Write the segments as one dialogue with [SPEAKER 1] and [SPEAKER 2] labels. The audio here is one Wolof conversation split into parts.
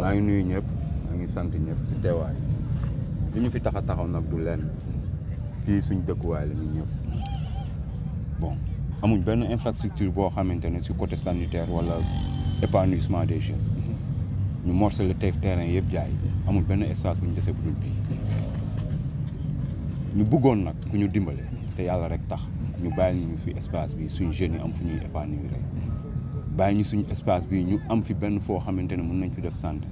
[SPEAKER 1] maa ngi
[SPEAKER 2] nuyu ñëpp maa ngi sant ñëpp ci teewaay li ñu fi tax a taxaw nag du lenn fii suñ dëkkuwaay la ñu ñëpp bon amuñ benn infrastructure boo xamante ne ci côté sanitaire wala épanouissement des jeunes ñu morcelé teef terrain yëpp jaay amul benn espace bu ñu dese bu dul bii ñu buggoon nag ku ñu dimbale te yàlla rek tax ñu bàyyi ñu fi espace bi suñu jeunes yi am fu ñuy épanouir rek bàyyi ñu suñu espace bi ñu am fi benn foo xamante ne mën nañ fi def santé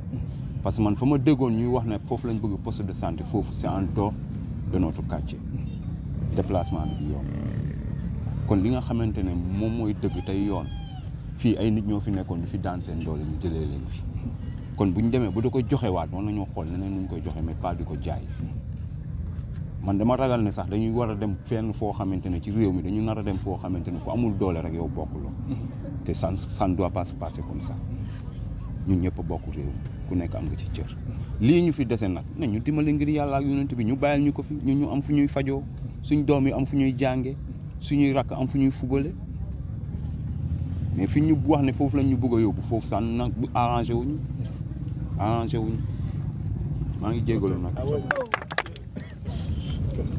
[SPEAKER 2] parce que man fa ma déggoon ñuy wax ne foofu lañ bëgg poste de santé foofu c'est en dehors de notre quartier déplacement bi yoon kon li nga xamante ne moom mooy dëgg tey yoon fii ay nit ñoo fi nekkoon di fi daan seen doole ñu jëlee leen fi kon bu ñu demee bu da ko joxe waat war nañoo xool leneen nu ñu koy joxe mais pas di ko jaay man dama ragal ne sax dañuy war a dem fenn foo xamante ne ci réew mi dañu nar a dem foo xamante ne ku amul doole rek yow bokkuloo te ça ça ne doit pas se passer comme ça ñun ñëpp bokk réew ku nekk am nga ci cër. lii ñu fi dese nag na ñu dimbali ngir yàlla ak yonent bi ñu bàyyil ñu ko fi ñu ñu am fu ñuy fajoo suñ doom yi am fu ñuy jànge suñuy rakk am fu ñuy fubale mais fu ñu wax ne foofu lañ ñu bëgg a yóbbu foofu san nag arrangé wuñu
[SPEAKER 3] arrangé wuñu maa ngi jégalu nag.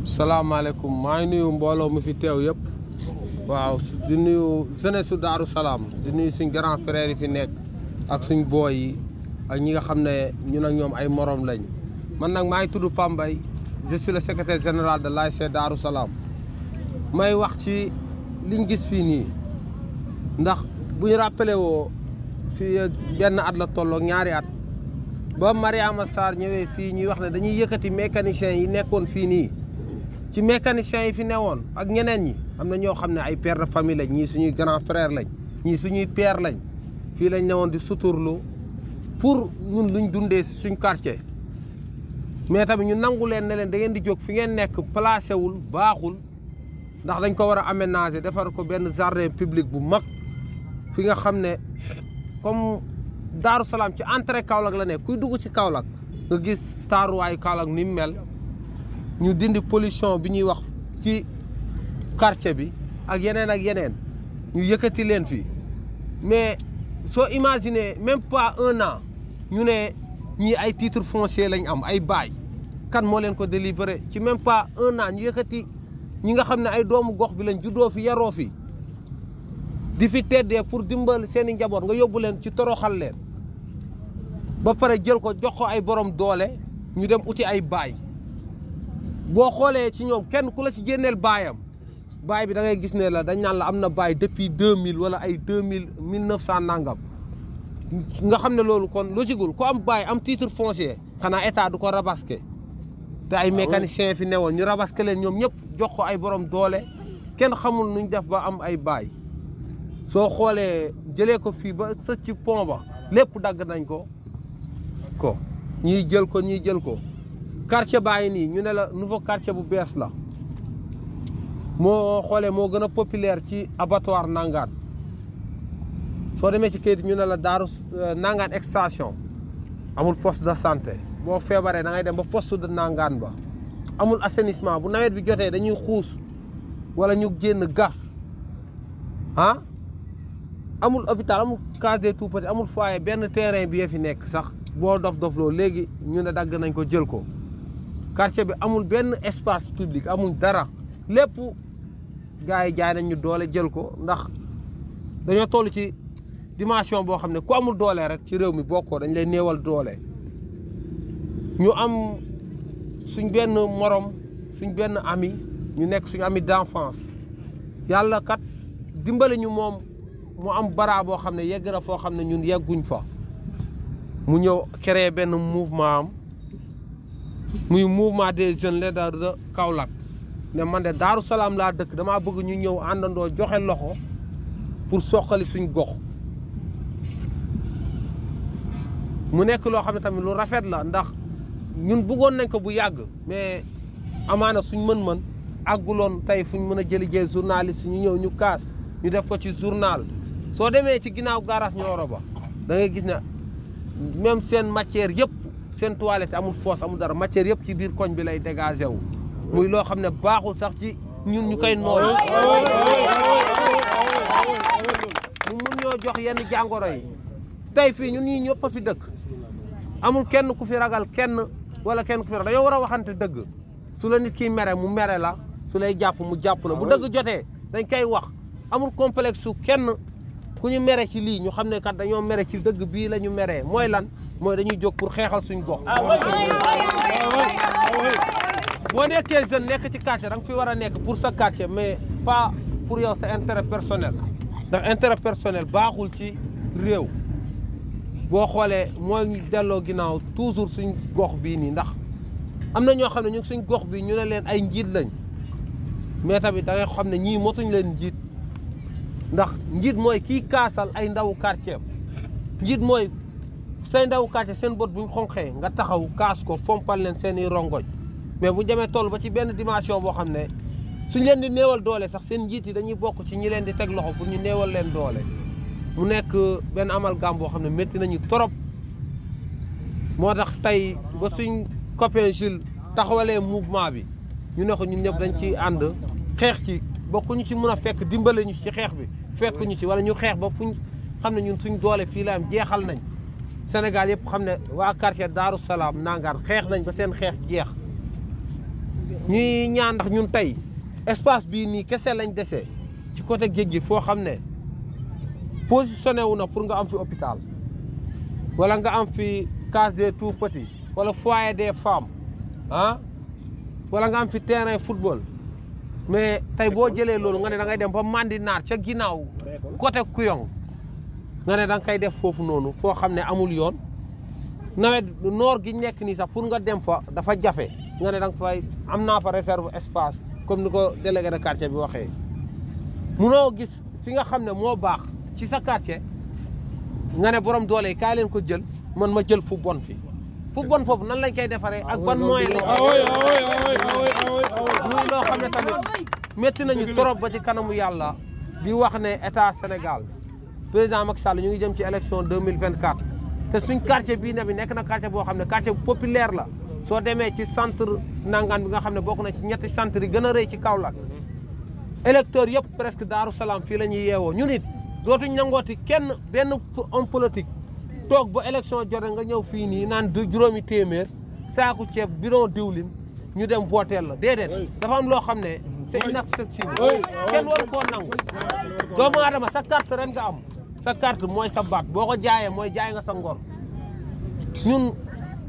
[SPEAKER 3] salaamaaleykum maa ngi nuyu mbooloo mu fi teew yëpp. waaw di nuyu jeunesse su Daaru Salaam di suñ grand frère yi fi nekk ak suñ booy yi ak ñi nga xam ne ñu ak ñoom ay moroom lañ man nag maa ngi tudd Pambay je suis le secrétaire général de l'ASC Daaru Salaam may wax ci liñ gis fii nii ndax bu ñu rappelé woo fii benn at la tolloo ñaari at ba Mariama Sarr ñëwee fii ñuy wax ne dañuy yëkkati mécaniciens yi nekkoon fii nii ci mécaniciens yi fi newoon ak ñeneen ñi am na ñoo xam ne ay pere de famille lañ ñii suñuy grand frère lañ ñii suñuy pere lañ fii lañ newoon di suturlu pour ñun luñ dundee si suñ quartier mais tamit ñu nangu leen ne leen da ngeen di jóg fi ngeen nekk placé wul baaxul ndax dañ ko war a aménager defar ko benn jardin public bu mag fi nga xam ne comme Daaru Salaam ci entre Kaolack la ne kuy dugg ci Kaolack nga gis taaruwaayu Kaolack ni mu mel ñu dindi polition bi ñuy wax ci quartier bi ak yeneen ak yeneen ñu yëkkati leen fii mais soo imaginer même pas un ñu ne ñii ay titre foncier lañ am ay bail kan moo leen ko délibéré ci même pas un an ñu yëkkati ñi nga xam ne ay doomu gox bi lañ juddoo fi yaroo fi di fi teddee pour dimbal seen i njaboot nga yóbbu leen ci toroxal leen ba pare jël ko jox ko ay borom doole ñu dem uti ay baay boo xoolee ci ñoom kenn ku la ci génneel baayam baay bi da ngay gis ne la dañ naan la am na baay depuis deux mille wala ay deux mille mille neuf cent nangam nga xam ne loolu kon logigul ko am baay am titre foncier xanaa état du ko rabaske te ay ah mécanicien fi newoon ñu rabaske leen ñoom ñëpp jox ko ay borom doole kenn xamul nuñ def ba am ay baay soo xoolee jëlee ko fii ba sëcc ci ba lépp dagg nañ ko ko ñiy jël ko ñiy jël ko quartier bàyyi nii ñu ne la nouveau quartier bu bees la moo xoolee moo gën a populaire ci abattoir nangaan soo demee ci kayit ñu ne la daaru euh, nangaan extension amul poste de santé boo feebaree da ngay dem ba poste de nangaan ba amul assainissement bu nawet bi jotee dañuy xuus wala ñu génn gas ah amul hôpital amul case des tout-petits amul foyer benn terrain bi yee fi nekk sax boo dof dof loo léegi ñu ne dagg nañ ko jël ko quartier bi amul benn espace public amul dara lépp gars yi jaay nañ ñu doole jël ko ndax dañoo toll ci dimension boo xam ne ku amul doole rek ci réew mi bokkoo dañ lay néewal doole ñu am suñ benn morom suñ benn ami ñu nekk suñu ami d'enfance yàlla kat dimbali ñu moom mu am bara boo xam ne yegg na foo xam ne ñun yegguñ fa mu ñëw créer benn mouvement am muy mouvement des jeunes leaders de Kaolack ne man de Daaru Salaam laa dëkk damaa bëgg ñu ñëw àndandoo joxe loxo pour soqali suñ gox mu nekk loo xam ne tamit lu rafet la ndax ñun bëggoon nañ ko bu yàgg amaan amaana suñ mën-mën àgguloon tey fuñ mën a jëli jël journaliste ñu ñëw ñu kaas ñu def ko ci journal soo demee ci ginnaaw garage Nioro ba da ngay gis ne même seen matière yëpp seen toilette amul fosse amul dara matière yëpp ci koñ bi lay dégagé wu muy loo xam ne baaxul sax ci ñun ñu koy noonu mu mun ñoo jox yenn jàngoro yi tey fii ñun ñu ñëpp a fi dëkk amul kenn ku fi ragal kenn wala kenn ku fi ragal dañoo war a waxante dëgg su la nit kiy mere mu mere la su lay jàpp mu jàpp la bu dëgg jotee dañ koy wax amul complexe kenn ku ñu mere ci lii ñu xam ne kat dañoo mere ci dëgg bii la ñu meree mooy lan mooy dañuy jóg pour xeexal suñ gox boo nekkee jeune nekk ci quartier da nga fi war a nekk pour sa quartier mais pas pour yow sa intérêt personnel ndax intérêt personnel baaxul ci réew boo xoolee mooy delloo ginnaaw toujours suñ gox bii nii ndax am na ñoo xam ne ñu suñ gox bii ñu ne leen ay njiit lañ mais tamit da xam ne ñii motuñ leen njiit ndax njiit mooy kii kaasal ay ndawu quartier njiit mooy say ndawu quartier seen bët buñ xonqee nga taxaw kaas ko fompal leen seen i rongoñ mais bu jamee demee ba ci benn dimension boo xam ne suñ leen di néewal doole sax seen njiit yi dañuy bokk ci ñu leen di teg loxo pour ñu néewal leen doole mu nekk benn amalgame boo xam ne metti nañu trop moo tax tey ba suñ copain Jules taxawalee mouvement bi ñu ne ko ñun ñëpp dañ ci ànd xeex ci ba ku ñu ci mën a fekk dimbale ñu ci xeex bi fekk ñu ci wala ñu xeex ba fuñ xam ne ñun suñ doole fii la jeexal nañ Sénégal yëpp xam ne waa quartier Daaru Salaam nangaan xeex nañ ba seen xeex jeex ñuy ñaan ndax ñun tey espace bii nii kese lañ dese ci côté géej gi foo xam ne positionné wu na pour nga am fi hôpital wala nga am fi case des tout petits wala foyer des femmes ah wala nga am fi terrain football mais tey boo jëlee loolu nga ne da ngay dem ba màndi naar ca ginnaaw côté Kuyong nga ne da nga def foofu noonu foo xam ne amul yoon nawet noor gi nekk nii sax pour nga dem fa dafa jafe. nga ne da nga fay am naa fa réserve espace comme ni ko délégué de quartier bi waxee munoo gis fi nga xam ne moo baax ci sa quartier nga ne borom doole yi kaay leen ko jël man ma jël fu bon fi fu foofu nan lañ koy defaree ak ban moyen lañ muy loo xam ne tamit métti nañu trop ba ci kanamu yàlla di wax ne état Sénégal président Macky Sall ñu ngi jëm ci élection 2024 te suñ quartier bii na bi nekk na quartier boo xam ne quartier bu populaire la soo demee ci centre nangaan bi nga xam ne bokk na ci ñetti centre yi gën a rëy ci Kaolack électeurs yëpp presque Daaru Salaam fii la ñuy yeewoo ñun it dootuñ nangooti kenn benn homme politique toog ba élection jote nga ñëw fii nii naan du juróomi téeméer saaku ceeb bureau diwlin ñu dem vooteel la déedéet dafa am loo xam ne c'est inacceptable kenn waru koo nangu doomu aadama sa carte ren nga am sa carte mooy sa boo ko jaayee mooy jaay nga sa ngor ñun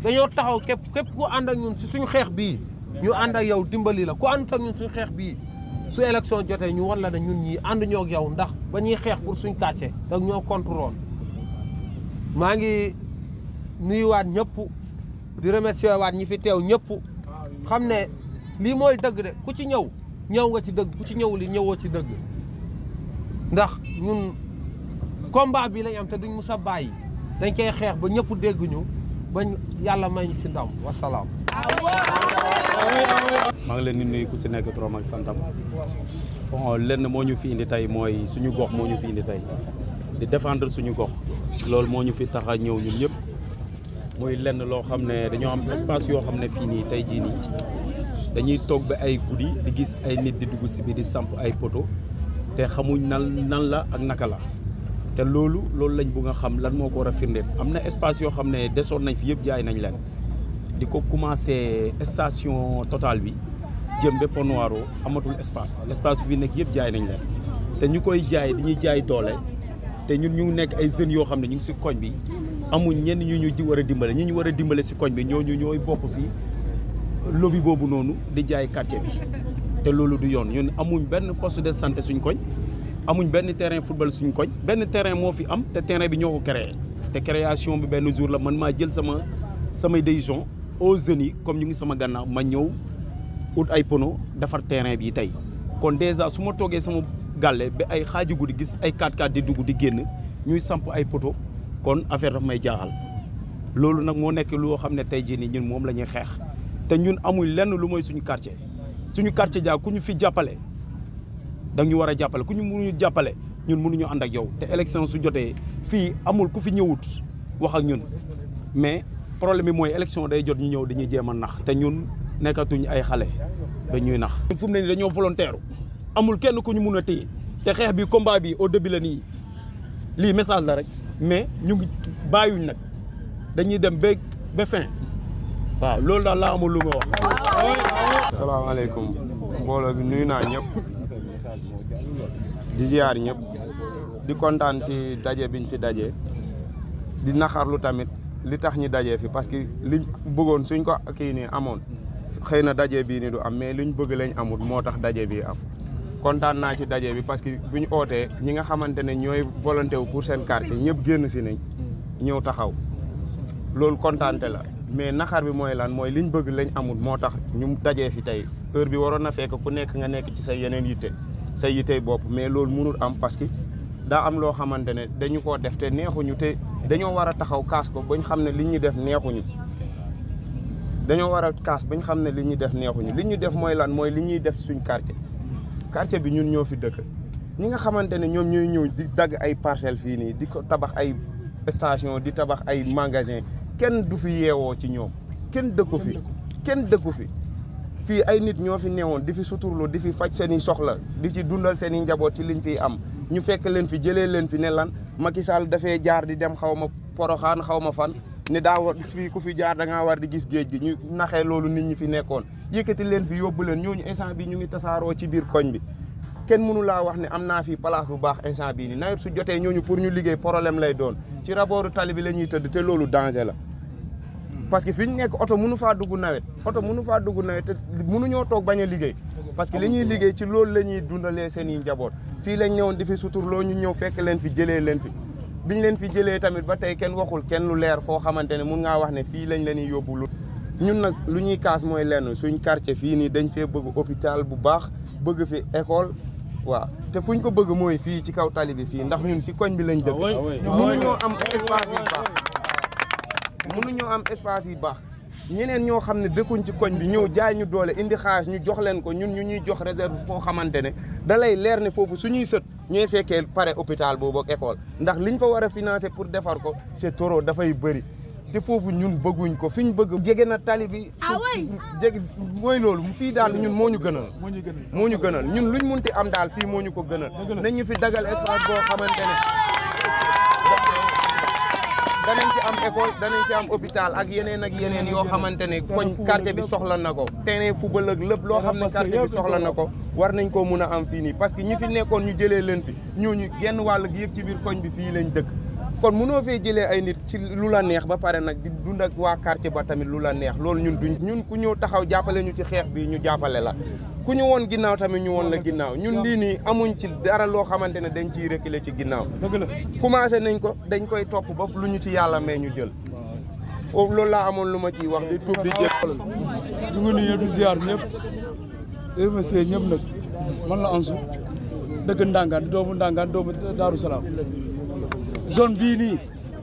[SPEAKER 3] dañoo taxaw képp képp ku ànd ak ñun si suñu xeex bii ñu ànd ak yow dimbali la ku ànd ak ñun suñu xeex bii su élection jotee ñu war la ne ñun ñii ànd ñoo ak yow ndax ba ñuy xeex pour suñ kàcce dag ñoo contrôle maa ngi nuyuwaat ñëpp di remercier waat ñi fi teew ñëpp xam ne lii mooy dëgg de ku ci ñëw ñëw nga ci dëgg ku ci ñëw li ñëwoo ci dëgg ndax ñun combat bi lañ am te duñ mus a bàyyi dañ koy xeex ba ñëpp dégg ñu bañ yàlla may ñu ci ndam wasalaam. maa
[SPEAKER 2] ngi leen di nuyu ku si nekk turam ak santam bon lenn moo ñu fi indi tey mooy suñu gox moo ñu fi indi tey di défendre suñu gox loolu moo ñu fi taxa ñëw ñun ñëpp muy lenn loo xam ne dañoo xam espace yoo xam ne fii nii tey jii nii dañuy toog ba ay guddi di gis ay nit di dugg si biir di samp ay poto te xamuñ nan nan la ak naka la. te loolu loolu lañ bëgg a xam lan moo ko war a firndeel am na espace yoo xam ne desoon nañ fi yëpp jaay nañ leen di ko commencé station Total bi jëm ba Pont Noiraux amatul espace espace bi nekk yëpp jaay nañ leen te ñu koy jaay dañuy jaay doole te ñun ñu nekk ay jeunes yoo xam ne ñu ngi si koñ bi amuñ ñenn ñu ñu di war a dimbale ñu ñu war a dimbale si koñ bi ñoo ñu ñooy bokk si lobby boobu noonu di jaay quartier bi te loolu du yoon ñun amuñ benn poste de santé suñ koñ. amuñ benn terrain football suñ koñ benn terrain moo fi am te terrain bi ñoo ko créé te création bi benn jour la man maa jël sama samay décision aux jeunes yi comme ñu ngi sama gànnaaw ma ñëw ut ay pono defar terrain bi tey kon déjà su ma toogee sama gàlle ba ay xaaji guddi gis ay 4 x di dugg di génn ñuy samp ay poto kon affaire daf may jaaxal loolu nag moo nekk loo xam ne tey jii nii ñun moom la ñuy xeex te ñun amuñ lenn lu mooy suñu quartier suñu quartier jaa ku ñu fi jàppale da ñu war a jàppale ku ñu mënuñu jàppale ñun mënuñu ànd ak yow te élection su jotee fii amul ku fi ñëwut wax ak ñun mais problème bi mooy élection day jot ñu ñëw dañuy jéem a nax te ñun nekkatuñ ay xale ba ñuy nax. fu mu ne nii dañoo volontaire amul kenn ku ñu mun a téye te xeex bi combat bi au début nii lii message la rek mais ñu ngi bàyyiwuñ nag dañuy dem ba ba waaw loolu daal laa amul lu ma
[SPEAKER 4] wax.
[SPEAKER 2] asalaamaaleykum mbooloo bi nuyu naa ñëpp. di ziar di kontaan si daje biñ fi daje di naxarlu tamit li tax ñi daje fi parce que liñ bëggoon suñ ko kii nii amoon xëy na daje bi ni du am mais liñ bëgg lañ amul moo tax daje bii am kontaan naa ci daje bi parce que bu ñu ootee ñi nga xamante ne ñooy volonté wu pour seen quartier ñëpp génn si nañ ñëw taxaw loolu kontaante la mais naxar bi mooy lan mooy liñ bëgg lañ amul moo tax ñu dajee fi tey heure bi waroon na fekk ku nekk nga nekk ci say yeneen yitte sa yitey bopp mais loolu mënul am parce que daa am loo xamante ne dañu koo def te neexuñu te dañoo war a taxaw kaas ko bañ xam ne li ñu def neexuñu dañoo war a kaas bañ xam ne li ñuy def neexuñu li ñu def mooy lan mooy li ñuy def suñ quartier quartier bi ñun ñoo fi dëkk ñi nga xamante ne ñoom ñooy ñëw di dagg ay parcelles fii nii di ko tabax ay station di tabax ay magasin kenn du fi yeewoo ci ñoom kenn dëkku fi kenn dëkku fi fii ay nit ñoo fi newoon di fi suturlu di fi faj seen i soxla di ci dundal seen i njaboot ci liñ fiy am ñu fekk leen fi jëlee leen fi ne lan Macky Sall dafee jaar di dem xaw ma poroxaan xaw ma fan ne daa war fii ku fi jaar da ngaa war di gis géej gi ñu naxee loolu nit ñi fi nekkoon yëkkati leen fi yóbbu leen ñooñu instant bi ñu ngi tasaaroo ci biir koñ bi kenn mënu laa wax ne am naa fi place bu baax instant bi ni nawet su jotee ñooñu pour ñu liggéey problème lay doon ci rabooru tali bi la ñuy tëdd loolu danger la parce que fi ñu nekk oto mënu faa dugg nawet oto mënu faa dugg nawet te mënuñoo toog bañ a liggéey parce que li ñuy liggéey ci loolu la ñuy dundalee seen i njaboot fii lañ ñëwoon di fi suturloo ñu ñëw fekk leen fi jëlee leen fi biñ leen fi jëlee tamit ba tey kenn waxul kenn lu leer foo xamante ne mun ngaa wax ne fii lañ ni yóbbu lu ñun nag lu ñuy kaas mooy lenn suñ quartier fii nii dañ fee bëgg hôpital bu baax bëgg fi école waaw te fuñ ko bëgg mooy fii ci kaw bi fii ndax ñun si koñ bi lañ dëkk ah mënuñoo am espace yu baax mun mënuñoo am espace yi baax ñeneen ñoo xam ne dëkkuñ ci koñ bi ñëw jaay ñu doole indi xaalis ñu jox leen ko ñun ñu ñuy jox réserve foo xamante ne dalay leer ne foofu suñuy sët ñuy fekkee pare hôpital boobu ak école ndax liñ fa war a financer pour defar ko c'est toro dafay bëri te foofu ñun bëgguñ ko fi ñu bëgg jege na tali bi ah jege mooy loolu fii daal ñun moo ñu gënal moo ñu gënal ñun luñ munti am daal fii moo ñu ko gënal nañu fi dagal espace boo xamante ne ah danañ ci am école danañ ci am hôpital ak yeneen ak yeneen yoo xamante ne koñ quartier bi soxla na ko terrain football ak lépp loo xam ne quartier bi soxla na ko war nañ koo mun a am fii nii parce que ñi fi nekkoon ñu jëlee leen fi ñooñu genn wàll gi yëpp ci biir koñ bi fii lañ dëkk kon mënoo fee jëlee ay nit ci lu la neex ba pare nag di dund ak waa quartier ba tamit lu la neex loolu ñun duñ ñun ku ñëw taxaw jàppale ñu ci xeex bi ñu jàppale la ku ñu woon ginnaaw tamit ñu woon la ginnaaw ñun lii nii amuñ ci dara loo xamante ne dañ ciy reculer ci ginnaaw commencé nañ ko dañ koy tokk ba lu ñu ci yàlla may ñu jël foofu loolu laa amoon lu ma ciy wax di tuub di jégalu
[SPEAKER 4] ñu ngi nuyu di ziar ñëpp
[SPEAKER 2] remercier ñëpp nag man la Ansou dëgg Ndangaan di doomu Ndangaan doomu
[SPEAKER 4] Daaru Salaam zone bii nii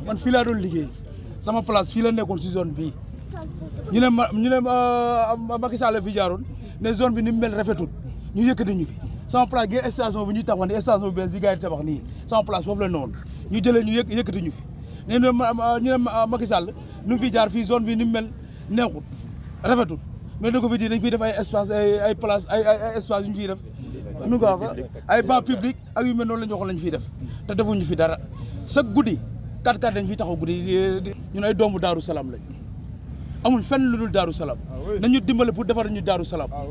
[SPEAKER 4] man fii laa doon liggéey sama place fii la nekkoon si zone bii ñu ne ma ñu ne euh, Macky Sall fi jaarul ne zone bi ni mu mel rafetul ñu yëkkati ñu fi sama place gi station bi ñuy taxaw ne station bi bees bi gars yi di nii sama place foofu la noonu ñu jëlee ñu yëkk yëkkati ñu fi ne ñu ne ah, Macky Sall nu mu fi jaar fii zone bi ni mu mel neexul rafetul mais da ko fi di dañ fiy def ay espace ay place ay ay espace yu ñu fiy def nu nga ay banc public ak yu mel noonu la ñu waxoon lañ fiy def te defuñu fi dara sa guddi kat kat dañ fiy taxaw guddi ñun ay doomu Daaru Salaam lañ amul fenn lu dul daaru salaam ah nañu dimbale pour defar ñu daaru salaam ah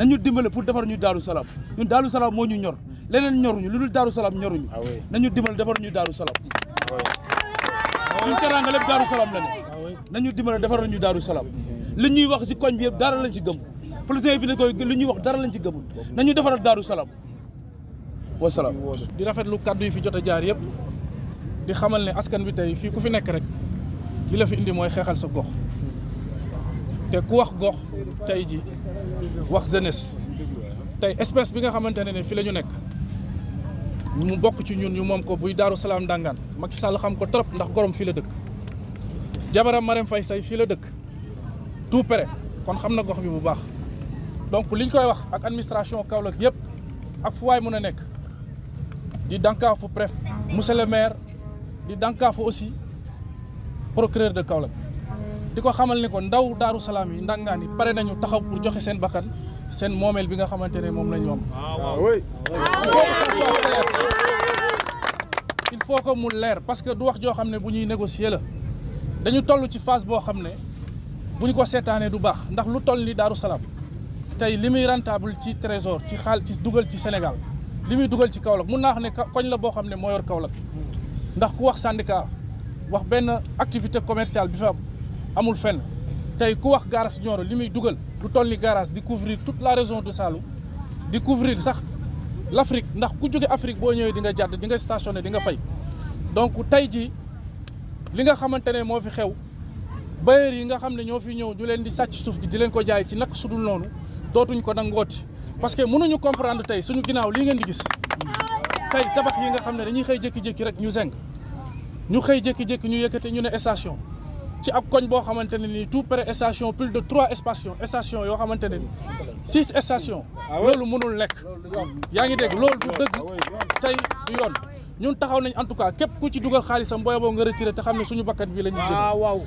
[SPEAKER 4] nañu dimbale pour defar ñu daaru salaam ñun daaru salaam moo ñu ñor leneen ñoruñu lu dul daaru salaam ñoruñu ah nañu dimbale defar ñu daaru salaam
[SPEAKER 1] ñun teraanga lépp daaru salaam
[SPEAKER 4] la dimbale defar ñu daaru salaam li ñuy wax si koñ bi yëpp dara lañ ci gëm politiciens yi fi ne koy
[SPEAKER 1] li ñuy wax dara lañ ci gëmul nañu defaral daaru salaam wa salaam di rafetlu kàddu yi fi jot a jaar yëpp di xamal ne askan bi tey fii ku fi nekk rek li la fi indi mooy xeexal sa gox te ku wax gox tey ji wax jeunesse tey espèce bi nga xamante ne ne fi la ñu nekk mu bokk ci ñun ñu moom ko buy Daaru Salaam Ndangaan Macky Sall xam ko trop ndax gorom fii la dëkk jabaram Marème Faye Sall fii la dëkk tout pre kon xam na gox bi bu baax donc liñ koy wax ak administration Kaolack yëpp ak fu waay mën a nekk di dànkaafu préfet monsieur le maire di dànkaafu aussi procureur de Kaolack di ko xamal ne ko ndaw daaru salaam yi ndangaan yi pare nañu taxaw pour joxe seen bakkan seen moomeel bi nga xamante ne moom la ñu am ah, il faut que mu leer parce que du wax joo xam ne bu ñuy négocier la dañu toll ci phase boo xam ne bu ñu ko seetaanee du baax ndax lu toll ni daaru salaam tey li muy rentable ci trésor ci xaal ci dugal ci Sénégal li muy dugal ci Kaolack mun naa wax ne koñ la boo xam ne moo yor Kaolack ndax ku wax syndicat wax benn activité commerciale bi fa amul fenn tey ku wax garage Nioro li muy dugal lu toll ni garage di couvrir toute la région de Saloum di couvrir sax l' ndax ku jóge Afrique boo ñëwee di nga jàdd di nga stationné di nga fay donc tey ji li nga xamante ne moo fi xew bailleurs yi nga xam ne ñoo fi ñëw ñu leen di sàcc suuf gi di leen ko jaay ci nak sudul noonu dootuñ ko nangooti parce que mënuñu comprendre tey suñu ginnaaw lii ngeen di gis tey tabax yi nga xam ne dañuy xëy jékki rek ñu zeng ñu xëy jékki ñu yëkkate ñu ne station ci ak koñ boo xamante ne nii tout près station plus de trois stations station yoo xamante ne nii six stations ah loolu mënul nekk yaa ngi dégg loolu du ah dëgg ah tey du yoon ñun taxaw nañ en tout cas képp ku ci dugal xaalisam booy boo nga retiré te xam ne suñu bakkat bi la ñuy jël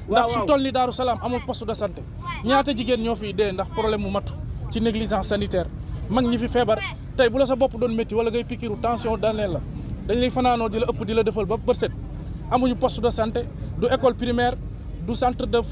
[SPEAKER 1] ndax su toll ni Daaru amul poste de santé ñaata jigéen ñoo fiy dee ndax problème mu matu ci négligence sanitaire mag ñi fi feebar tey bu la sa bopp doon métti wala ngay pikiru tension daaneel la dañ lay fanaanoo di la la defal ba bërset amuñu poste de santé du école primaire du centre de